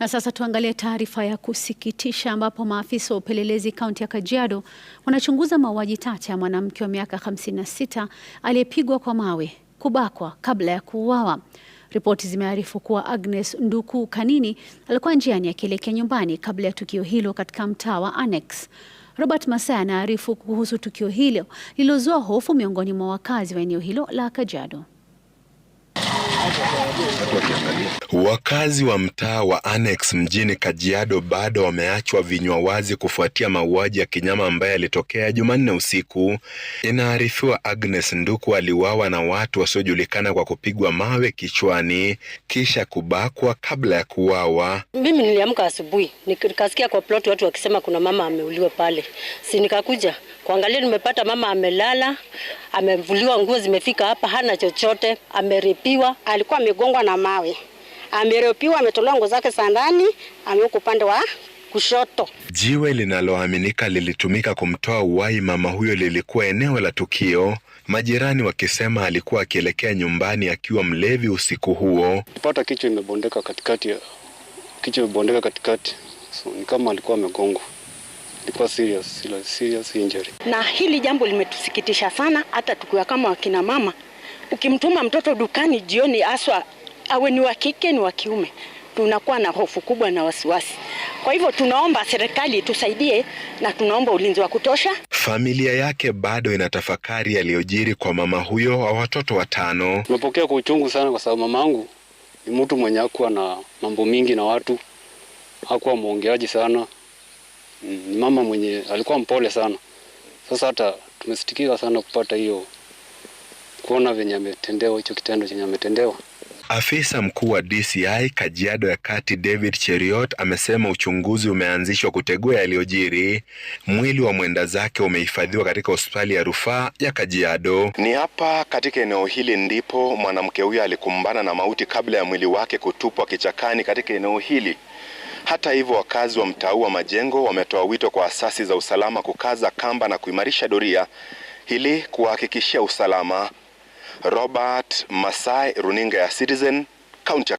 Na sasa tuangalie taarifa ya kusikitisha ambapo maafisa wa upelelezi kaunti ya Kajiado wanachunguza mauaji tata ya mwanamke wa miaka 56 aliyepigwa kwa mawe, kubakwa kabla ya kuuawa. Ripoti zimearifu kuwa Agnes Nduku Kanini alikuwa njiani akielekea nyumbani kabla ya tukio hilo katika mtaa wa Annex. Robert Masaya anaarifu kuhusu tukio hilo lililozua hofu miongoni mwa wakazi wa eneo hilo la Kajiado. Wakazi wa mtaa wa Annex mjini Kajiado bado wameachwa vinywa wazi kufuatia mauaji ya kinyama ambayo yalitokea Jumanne usiku. Inaarifiwa Agnes Nduku aliuawa na watu wasiojulikana kwa kupigwa mawe kichwani kisha kubakwa kabla ya kuuawa. Mimi niliamka asubuhi nikasikia kwa plot watu wakisema kuna mama ameuliwa pale, si nikakuja kuangalia, nimepata mama amelala, amevuliwa nguo, zimefika hapa hana chochote, ameripiwa, alikuwa amegongwa na mawe ameropiwa, ametolewa nguo zake za ndani, amewekwa upande wa kushoto. Jiwe linaloaminika lilitumika kumtoa uhai mama huyo lilikuwa eneo la tukio, majirani wakisema alikuwa akielekea nyumbani akiwa mlevi usiku huo. Pata kichwa imebondeka katikati, kichwa imebondeka katikati, so ni kama alikuwa amegongwa. Serious, serious injury. Na hili jambo limetusikitisha sana, hata tukiwa kama wakina mama, ukimtuma mtoto dukani jioni, haswa awe ni wa kike ni wa kiume, tunakuwa na hofu kubwa na wasiwasi. Kwa hivyo tunaomba serikali tusaidie na tunaomba ulinzi wa kutosha. Familia yake bado inatafakari yaliyojiri kwa mama huyo wa watoto watano. Tumepokea kwa uchungu sana, kwa sababu mama angu ni mtu mwenye hakuwa na mambo mingi na watu, hakuwa mwongeaji sana, mm, ni mama mwenye alikuwa mpole sana. Sasa hata tumesitikika sana kupata hiyo, kuona venye ametendewa hicho kitendo chenye ametendewa. Afisa mkuu wa DCI Kajiado ya Kati David Cheriot amesema uchunguzi umeanzishwa kutegua yaliyojiri. Mwili wa mwenda zake umehifadhiwa katika hospitali ya rufaa ya Kajiado. Ni hapa katika eneo hili ndipo mwanamke huyo alikumbana na mauti kabla ya mwili wake kutupwa kichakani katika eneo hili. Hata hivyo, wakazi wa mtaa wa Majengo wametoa wito kwa asasi za usalama kukaza kamba na kuimarisha doria ili kuhakikishia usalama Robert Masai, runinga ya Citizen, kaunti